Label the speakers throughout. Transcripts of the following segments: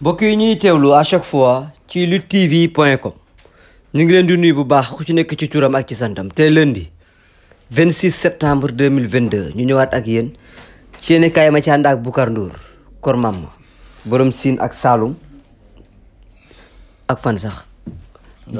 Speaker 1: mbokk yi ñuy teewlu à chaque fois ci point luttetv.com ñu ngi leen di nuyu bu baax ku ci nekk ci turam ak ci santam te lundi 26 septembre 2022 ñu ñëwaat ak yéen ci yéen kaay ma ci ànd ak Boucar Ndour kor mam borom siin ak Saloum ak fan sax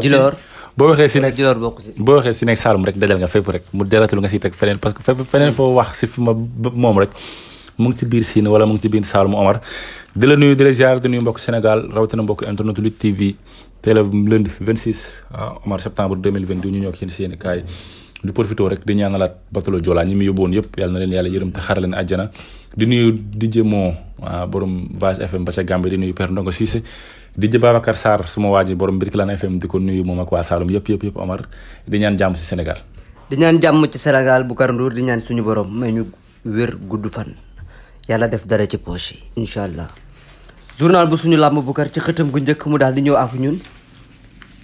Speaker 2: Djilor boo waxee si nekk Djilor waxee si nekk Saloum rek dajal nga fépp rek mu deratul nga si teg feneen parce que feneen foo wax si fi ma moom rek mu ngi ci biir Sine wala mu ci biir Saloum Omar di la nuyu di la ziar di nuyu mbokk Sénégal rawatina mbokk internet Lutte TV tey la lundi 26 ah, Omar septembre ñu ñëw ak yéen seen kaay di rek di ñaanalaat Batalo Joola ñi mu yóbboon yëpp yàlla na leen ah, ba ca Gambie di nuyu Père Ndongo Cissé di jë Babacar Sarr suma waa ji borom Birkelane FM di ko nuyu moom ak waa Saloum yëpp yëpp yëpp Omar di ñaan jàmm si Sénégal
Speaker 1: di ñaan jàmm ci Sénégal yàlla def dara ci poche yi incha allah journal bu suñu làmb bu kar ci xëtam gu njëkk mu daal di ñëw af ñun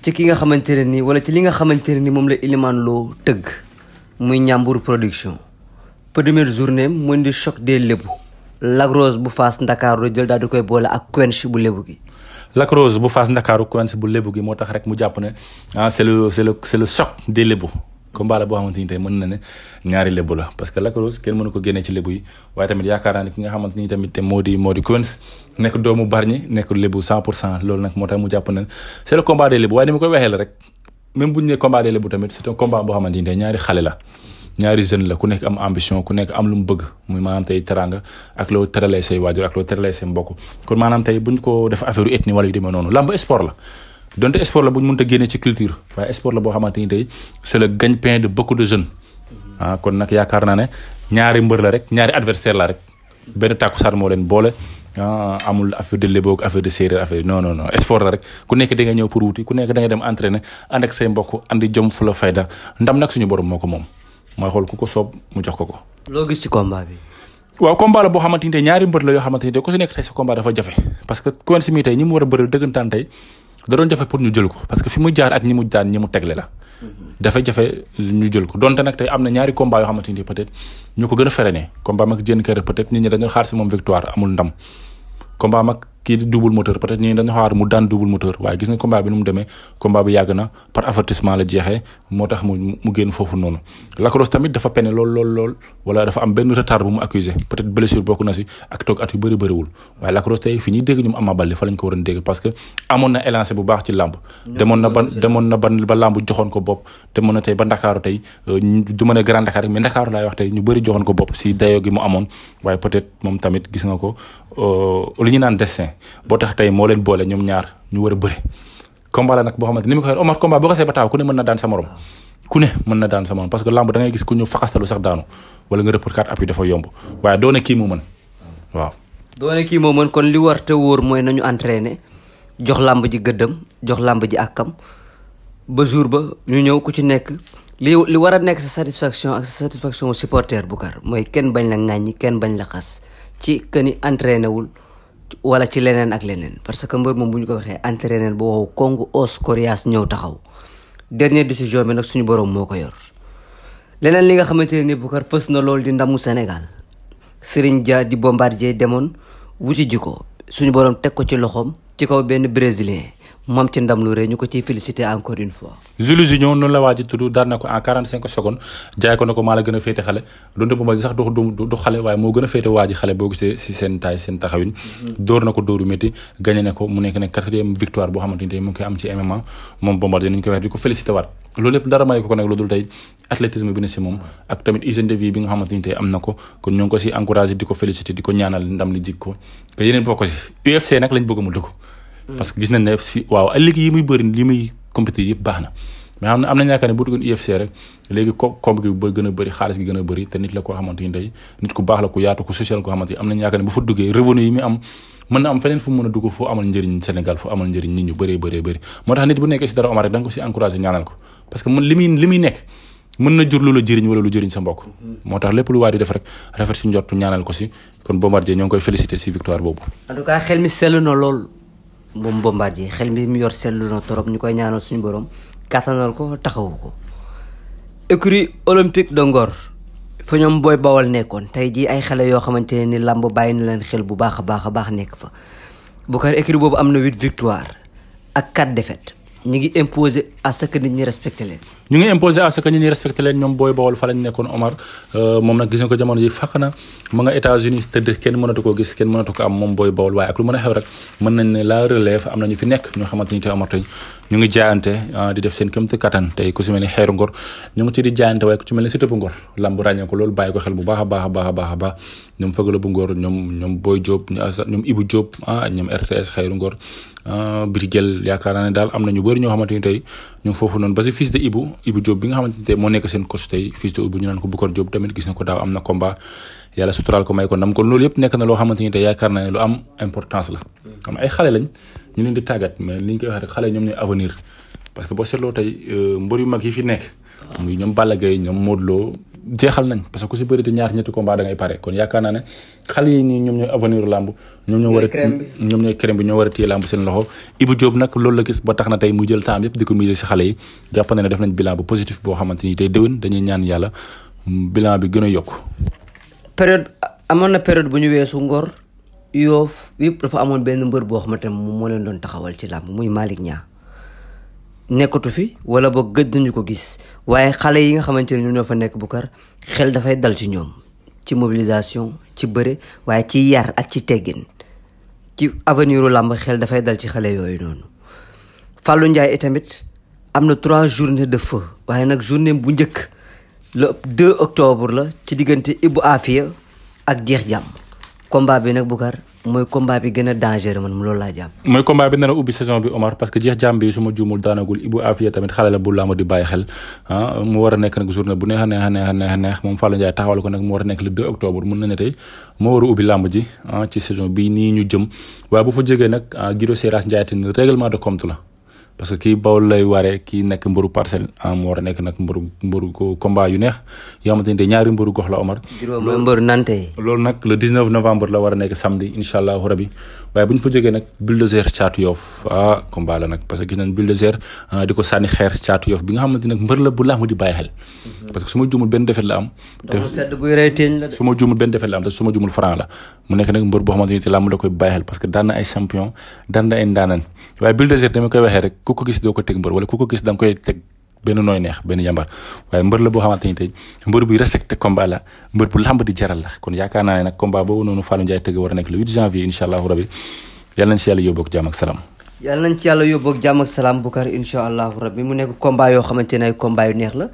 Speaker 1: ci ki nga xamante ne ni wala ci li nga xamante ne ni moom la Elimane loo tëgg muy ñàmbur production
Speaker 2: première journée mu indi choc des lébu lagrose bu faas ndakaaru jël daal di koy boole ak quench bu lébu gi lagrose bu faas ndakaaru quench bu lébu gi moo tax rek mu jàpp ne ah c'est le c'est c'est le choc des combat la boo xamante ni mën na ne ñaari lébu la parce que Lac Rose kenn mënu ko génnee ci lébu yi waaye tamit yaakaar ki nga xamante tamit te moo di moo di Quench nekk la rek même bu ñu nee combat des tamit c'est un combat boo xamante ni ñaari xale la ñaari jeune la ku nekk am ambition ku nekk am lu mu bëgg muy maanaam tey teranga ak loo teralee say waajur ak loo teralee say mbokk kon maanaam tey buñ ko def affaire yu ethnie yu demee noonu donte sport la bu ñu mënta génne ci culture waaye sport la boo xamante ni tey c'est le gagne-pain de beaucoup de jeunes. Ah, kon nag yaakaar naa ne ñaari mbër la rek ñaari adversaire la rek benn tàkkusaan moo leen boole ah amul affaire de léboog affaire de séeréer affaire non non non sport la rek ku nekk da nga ñëw pour wuti ku nekk da nga dem entraîner ànd ak say mbokk andi jom fu fayda ndam nag suñu borom moo ko moom mooy xool ku ko soob mu jox ko ko. loo gis ci combat bi. waaw combat la boo xamante ni ñaari mbër yoo xamante ni tey ku si nekk tey sa da doon jafe pour ñu jël ko parce que fi mu jaar ak ñi mu daan ñi mu tegle la. Mhm. dafa jafe ñu jël ko donte nag tey am na ñaari combat yoo xamante ni peut-être ñu ko gën a freiné combat mag Diène Kairé peut-être nit ñi dañu xaar si moom victoire amul ndam combat mag kii di double moteur peut être ñii dañu xaar mu daan double moteur waaye gis nga combat bi nu mu demee combat bi yàgg na par avertissement la jeexee moo tax mu génn foofu noonu. Lacrosse tamit dafa pene lool lool lool wala dafa am benn retard bu mu accusé peut être blessure bokk na si ak toog at yu bëri bëriwul waaye Lacrosse tey fi ñuy dégg ñoom Ama Baldé fa lañ ko waroon dégg parce que amoon na élancé bu baax ci demoon na ban demoon na ban ba làmb joxoon ko bopp demoon na tey ba Ndakaaru tey euh, du ma ne Grand Dakar rek mais Ndakaaru laay wax tey ñu bëri joxoon ko bopp si dayo gi mu moom tamit gis nga ko euh, li ñu naan destin boo tax tey moo leen boole ñoom ñaar ñu war a bëre combat la nag boo xamante ni ma ko waxee Omar combat boo xasee ba taaw ku ne mën na daan sa morom ku ne mën na daan sa morom parce que lamb da ngay gis ku ñu faxastalu sax daanu wala nga rëpp moo mën waaw doone kii
Speaker 1: moo mën kon li war te wóor mooy nañu entraîné jox lamb ji gëddam jox lamb ji àkkam ba jour ba ñu ñëw ku ci nekk li li war a nekk sa satisfaction ak sa satisfaction supporter bu kar mooy kenn bañ la ŋàññi kenn bañ la xas ci këni entraîné wul wala ci leneen ak leneen parce que mbër moom bu ñu ko waxee entraîneur bu wow kongu os coriace ñëw taxaw dernière décision bi nag suñu borom moo ko yor leneen li nga xamante ne ni Boucar fës na lool di ndamu senegal Serigne Dia di bombardier demoon wuti ko suñu borom teg ko
Speaker 2: ci loxoom ci kaw benn brésilien moom ci ndam lu ñu ko ciy félicité encore une fois. Jules Junior noonu la waa ji tudd daan na a a féete waa ji xale boo nekk ne boo xamante ni tey mu ngi koy am ci MMA moom Bombardier ñu koy wax félicité waat. ne na ko kon ñoo ko si encouragé di ko félicité di ko ñaanal ndam li jik ko te yeneen bokk si UFC nag lañ bëgg mu dugg Mm. parce que gis ne fi waaw ay liggéey yi muy bëri li muy compétir yëpp baax na mais am na am nañ yaakaar ne bu duggoon UFC rek léegi ko gi ba gën a bëri xaalis gi gën a bëri te nit la koo xamante ni day nit ku baax la ku yaatu ku social koo xamante ni am nañ yaakaar ne bu fa duggee revenu yi muy am mën na am feneen fu mu mën a dugg foo amal njëriñ Sénégal foo amal njëriñ nit ñu bëree bëree bëri moo tax nit bu nekkee si dara Omar rek da ko si encouragé lu la jëriñ wala lu jëriñ sa mm-hmm. ko si kon Bombardier ñoo
Speaker 1: moom Bombardier xel mi mu yor seetlu na torop ñu koy ñaanal suñu borom kattanal ko taxawu ko. écurie olympique de Ngor fa ñoom booy bawal nekkoon tey jii ay xale yoo xamante ne ni làmb bàyyi na leen xel bu baax a baax a baax nekk fa. Boucar
Speaker 2: écurie boobu am na huit victoire ak quatre défaites. ñu ngi imposé à ce que nit ñi respecté leen. ñu ngi imposer à nit ñi respecté leen ñoom booy bawol fa lañ nekkoon Omar euh, moom nag gis ko jamono ji fàq na ma nga États-Unis tëdd kenn mënatu ko gis kenn mënatu ko am moom booy bawol waaye ak lu mën a xew rek mën nañ ne la relève am na ñu fi nekk ñoo xamante ni tey Omar tey ñu ngi jaayante euh, di def seen kéemtu kattan tey ku si mel ni xeeru ngor ñu ngi ci di jaayante waaye ku ci mel ni sitëbu ngor lamb ràññee ko loolu bàyyi ko xel bu baax a baax a baax a baax a baax ñoom fëgala bu ngor ñoom ñoom booy Diop ñoom Ibu Diop ah ñoom Euh, Biri Gell yaakaar naa ne daal am na ñu bëri ñoo xamante ni tey foofu noonu ba si fils de Ibou Ibou Diop bi nga xamante ni tey moo nekk seen coach tey fils de Ibou ñu naan ko Boucar Diop tamit gis na ko daaw am yëpp nekk na loo xamante ni tey yaakaar naa ne lu am importance la. xam ay xale lañ ñu leen di tàggat mais li ñu koy wax rek xale ñoom ñooy avenir parce que boo seetloo tey euh, mbër yu mag yi fi nekk. muy ñoom Balla Gaye ñoom Modou Lo jeexal nañ parce que ku si bëri te ñaar ñetti combat da ngay pare kon yaakaar naa ne xale yi nii ñoom ñooy avenir làmb ñoom ñoo war a ñoom ñooy a téye làmb seen loxo Ibou Diop nag loolu la gis ba tax na tey mu jël temps yëpp di ko miser si xale yi jàpp na ne def nañ bilan bu positif boo xamante ni tey déwén bi gën a yokk
Speaker 1: période amoon na période bu ñu weesu ngor yoof yëpp dafa amoon benn mbër boo xamante ne moom moo leen doon taxawal ci làmb muy Malick nekkatu fi wala boog gëj nañu ko gis waaye xale yi nga xamante ne ñoom ñoo fa nekk bu kar xel dafay dal ci ñoom ci mobilisation ci bëre waaye ci yar ak ci teggin ci avenir làmb xel dafay dal ci xale yooyu noonu Fallou Ndiaye itamit am na trois journées de feu waaye nag journée bu njëkk le 2 octobre la ci diggante Ibou Afia ak Jeex Jàmm combat bi nag Boucar mooy combat bi gën a dangereux man mu loolu laa jàpp.
Speaker 2: mooy combat bi nar ubbi saison bi Omar parce que jeex jàmm bi su ma juumul daanagul Ibou Afia tamit xale la bu laamu di bàyyi xel ah, mu war a nekk nag journée bu neex a neex a neex a neex a neex moom Fallou Ndiaye taxawal ko nag mu war a nekk le 2 octobre mun na ne tey moo war a ubbi làmb ji ah, ci saison bii nii ñu jëm waaye bu fa jógee nag ah, Guido Séras Ndiaye tamit règlement de compte la. parce que kii Bawol lay waree kii nekk mbëru parcelle ah mu war a nekk nag mbëru mbëru combat yu neex yoo xamante ni ñaari mburu gox la Omar. juróom mbëru loolu nag le 19 novembre la war a nekk samedi incha allah rabi. waaye bu ñu fa jógee nag bulldozer caatu yoof ah combat la nag parce que gis nañ bulldozer ah, di ko sànni xeer caatu yoof bi nga xamante nag mbër la bu laax mu di bàyyi xel mhm. parce que su ma jumul benn defet la am su ma jumul benn defet la mu nekk nag mbër boo xamante ni ci làmb la koy bàyyi xel parce que daan ay champion daan ay ndaanan waaye bulldozer dama koy waxee rek ku ko gis doo ko teg mbër wala ku ko gis danga koy teg benn nooy neex benn yambar waaye mbër la boo xamante ni tey mbër buy respecté combat la mbër bu làmb di jaral la kon yaakaar naa ne nag combat boobu noonu Fallou Ndiaye tëgg war a nekk le 8 janvier incha allahu rabi yàlla nañ ci yàlla yóbbu ak ak salaam
Speaker 1: yàlla nañ ci yàlla yóbbu ak jàmm ak salaam Boucar incha allahu rabi mu nekk combat yoo xamante ne ay neex la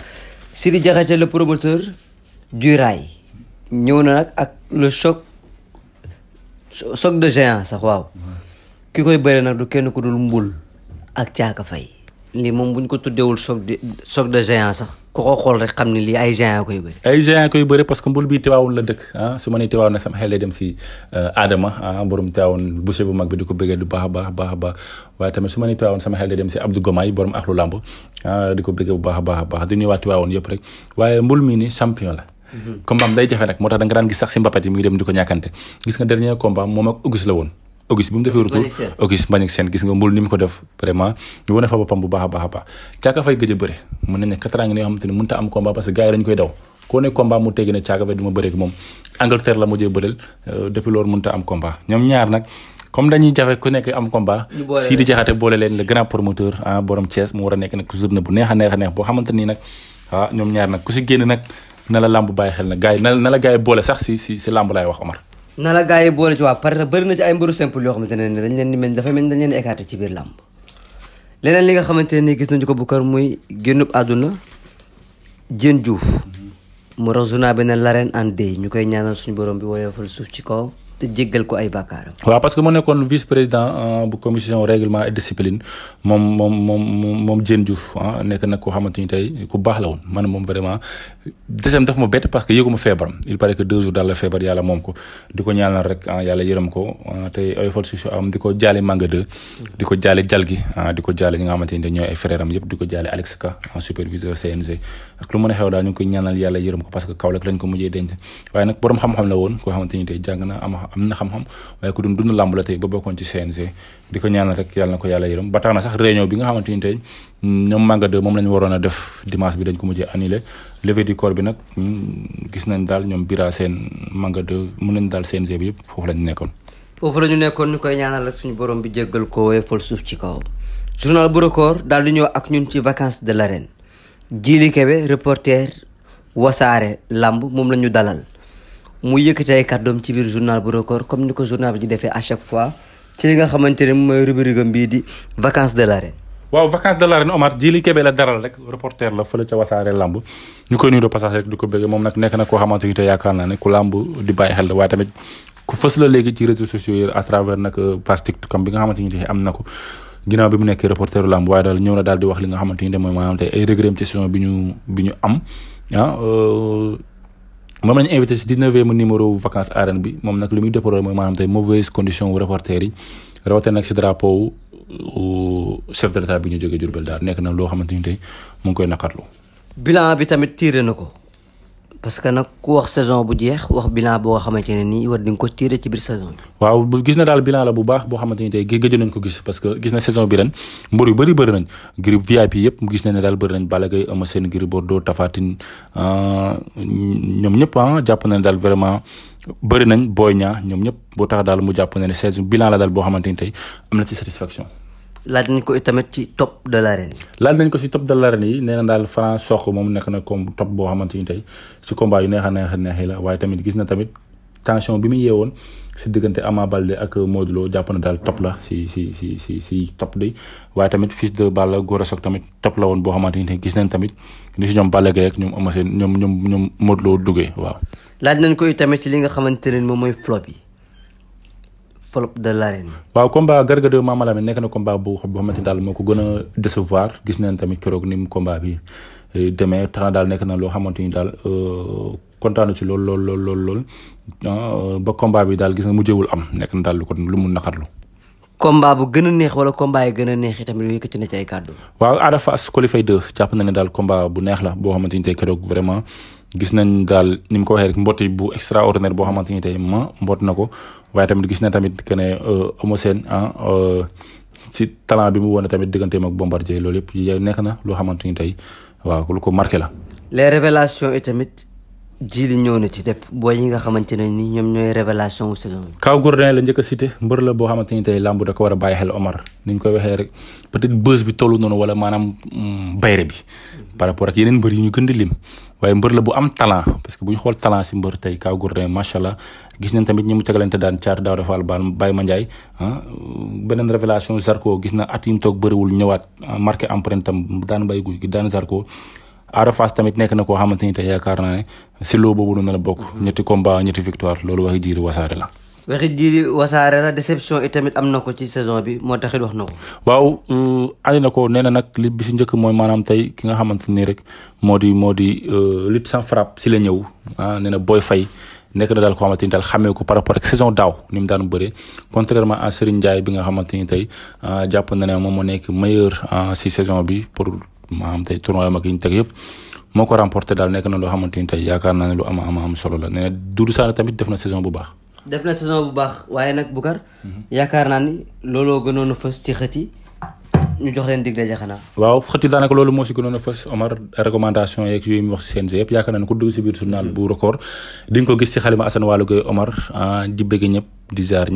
Speaker 1: Sidi Diakhaté le promoteur du rail ñëw na nag ak le choc choc de géant sax waaw ki koy bëre nag du kenn ku dul mbul ak caaka lii moom buñ ko tuddewul choc de
Speaker 2: choc sax ko xool rek xam ne lii ay géant koy bëri ay géant koy bëri parce que mbul bi tiwaawoon la dëkk ah su ma nee tiwaawoon nag sama xel lay dem si euh, Adama ah borom tiwaawoon boucher di ko bëggee du baax a baax baax a baax waaye tamit su ma nee tiwaawoon si Abdou Gomaay borom axlu làmb ah, di ko bëggee baax a baax baax di nuyuwaat tiwaawoon yëpp rek waaye mbul mii ni champion la mhm. combat day jafe nag moo tax da nga daan gis sax si mbapat yi dem di ko ñàkkante gis nga dernier combat moom ak Auguste la woon Auguste bi mu defee retour Auguste Mbagnick Sène gis nga mbul ni mu ko def vraiment ñu wane fa boppam bu baax a baax a baax Thiaka Faye gëj a bëre mën nañ a am combat parce que mu euh, am combat ñoom ñaar nag comme dañuy jafe ku nekk am combat Sidi Diakhaté boole leen le grand promoteur ah borom Thiès mu war a nekk nag journée bu neex a neex a neex boo xamante nag waaw ah, ñoom ñaar nag ku si génn nag na la làmb bàyyi xel nag gars yi na la gars yi boole sax si si si làmb laay wax Omar
Speaker 1: na la gars yi boole ci waa parce que bëri na ci ay mbaru simple yoo xamante ne ni dañ leen di mel dafa mel dañ leen écarté ci biir làmb leneen li nga xamante ni gis nañu ko bu kër muy génnub àdduna jën juuf mhm. mu rasu naa benn l'arène en deuil ñu koy ñaanal suñu borom bi woyofal suuf ci kaw te jéggal ko ay bàkkaaram.
Speaker 2: waaw parce que mu nekkoon vice président euh, bu commission règlement et discipline moom moom moom moom Diène ah, nekk nag koo xamante ni ku baax la woon man moom vraiment desem daf ma bett parce que yëguma feebaram il paraît que ko ah, ah, di ko jaale Manga 2 di ko jaale jal di ko jaale ñi nga xamante ni ñooy ay frère am yëpp di ko jaale Alex Ka superviseur CNG ak lu mën a xew daal ñu ngi koy ñaanal yàlla yërëm ko parce que Kaolack lañ ko am na xam-xam waaye ku doon dund làmb la tey ba bokkoon ci CNG di ko ñaanal rek yàlla na ko yàlla yërëm ba tax na sax réunion bi nga xamante ni ñoom Manga 2 moom la ñu waroon a def dimanche bi dañ ko mujjee annulé levée bi nag hmm, gis nañ daal ñoom Bira Sène Manga mën nañ daal CNG bi yëpp foofu la nekkoon.
Speaker 1: foofu la ñu nekkoon ñu koy ñaanal rek suñu borom bi jéggal ko woyofal suuf ci kawam. journal bu record daal di ñëw ak ñun ci vacances de l'arène Djily Kébé reporter wasaare làmb moom la ñu dalal. mu yëkkati ay kàddoom ci biir journal bu record comme ni ko journal bi ñu defee à chaque fois ci li nga xamante ne mooy rubrique bii di de l'arène
Speaker 2: waaw vacances de l'arène Omar koy nuyu de passage rek di ko bëgg moom nekk na koo xamante ni te yaakaar naa ne ku lamb di bàyyi xel la waaye tamit ku euh, na ko ginnaaw bi mu nekkee reporteru lamb waaye daal ñëw na daal di wax li nga xamante ni de mooy tey ay regret ci saison bi ñu am ah, euh, moom lañu invité si dix-neuvième numéro vacances arène bi moom nag li muy déploré mooy maanaam tey mauvaise condition wu reporter yi rawatina nag si drapeau chef de l'état bi joge jógee Diourbel daal nekk na loo xamante ni tey mu ngi koy naqarlu
Speaker 1: bilan bi tamit tiire na ko parce que nag ku wax saison bu jeex wax
Speaker 2: bilan boo xamante ne nii war nañ ko tirer ci biir saison waaw waaw gis na daal bilan la bu baax boo xamante ni tey gëj nañ ko gis parce que gis na saison bi ren mbër yu bëri bëri nañ groupe VIP yëpp gis nañ ne daal bëri nañ Balla Gaye Eumeu Sène Gris Bordeaux Tapha ah, ñoom ñëpp ah jàpp nañ daal vraiment. bëri nañ booy ñaa ñoom ñëpp boo tax daal mu jàpp ne ne saison bilan la daal boo xamante ni tey am na ci satisfaction laaj nañ ko tamit ci top de l'arène yi. laaj nañ ko si top de l'arène yi nee na daal Franc Sokh moom nekk na comme top boo xamante ni tey si combat yu neex a neex a neex la waaye tamit gis na tamit tension bi mu yeewoon si diggante Ama Baldé ak Modou Lo jàpp na daal top la si si si si top de waaye tamit fils de Balla tamit top la woon boo xamante ni tey gis nañ tamit ni si ñoom Balla Gaye ñoom Ama Sène ñoom ñoom ñoom Modou Lo duggee waaw. laaj nañ ko tamit
Speaker 1: ci li nga xamante ne moom mooy flop yi. flop de
Speaker 2: l'arène. waaw combat Garga 2 Mama Lamine nekk na combat bu boo xamante ni daal moo ko gën a décevoir gis nañ tamit keroog ni mu combat bi eh, demee tax na daal nekk na loo xamante ni daal euh, kontaanu ci lool lool lool lool lool ah, euh, ba combat bi daal gis nga mujjewul am nekk na daal lu ko lu mu naqarlu.
Speaker 1: combat bu gën a neex wala combat yi gën a neex itam yëkkati na ci ay
Speaker 2: waaw Ada Fass qualifié deux jàpp na daal combat bu neex la boo xamante ni tey keroog vraiment gis nañ daal ni mu ko waxee rek mbotti bu extraordinaire boo xamante ni tey ma mbott na ko waaye tamit gis na tamit que ne euh, Eumeu Sène ah euh, ci talent bi mu woon tamit digganteem ak Bombardier loolu yëpp nekk na loo xamante ni tey waaw lu ko marqué la.
Speaker 1: Jili ñëw na ci def booy yi nga
Speaker 2: xamante ne ni ñoom ñooy révélation wu saison bi. Kaw Gourdin la njëkk a cité mbër la boo xamante ni tey làmb da ko war a bàyyi xel Omar ni ñu koy waxee rek peut-être bës bi tollu noonu wala maanaam mm, bayre bi. par rapport ak yeneen mbër yi ñu gën di lim waaye mbër la bu am talent parce que bu ñu xool talent si mbër tey Kaw Gourdin macha allah gis nañ tamit ñi mu tegalante daan Thiar Daouda Fall a Mandiaye ah beneen révélation Zarko gis na at yi mu toog bëriwul ñëwaat ah, marqué empreinte am daan Baye Gouye gi daan Zarko. Ada Fass tamit nekk na koo xamante ni yaakaar naa ne si loo boobu noonu la bokk. Mm-hmm. ñetti combat ñetti victoire loolu waxi jiiri wasaare la.
Speaker 1: waxi jiiri déception yi tamit am na ko ci saison bi moo taxit wax na ko.
Speaker 2: waaw andi na ko nee na nag li bi si njëkk mooy maanaam tey ki nga xamante ni rek moo di moo di euh, lutte san frappe si la ñëw ah nee na Boy Faye nekk na daal ko xamante ni daal xamee ko par rapport ak saison daaw ni mu daan bëree contrairement à Serigne Ndiaye bi nga xamante ni tey ah, jàpp na ne moom moo nekk meilleur ah, si saison bi pour. maanaam tey tournoi mag yi ñu teg yëpp moo ko remporté daal nekk na loo lu am am solo la nee na Doudou Sané tamit def na saison bu baax.
Speaker 1: def na saison bu baax waaye nag Boucar. Mhm. yaakaar naa ni looloo gënoon a fës ci xët ñu jox leen dig daje xanaa.
Speaker 2: waaw xëtti daanaka loolu moo si gënoon a fës Omar recommandation yeeg yooyu mu wax si CNG yëpp yaakaar naa ne ku dugg si biir journal bu record di ko gis si xalima Assane Walu Gueye Omar ah, di bëgg ñëpp di ziar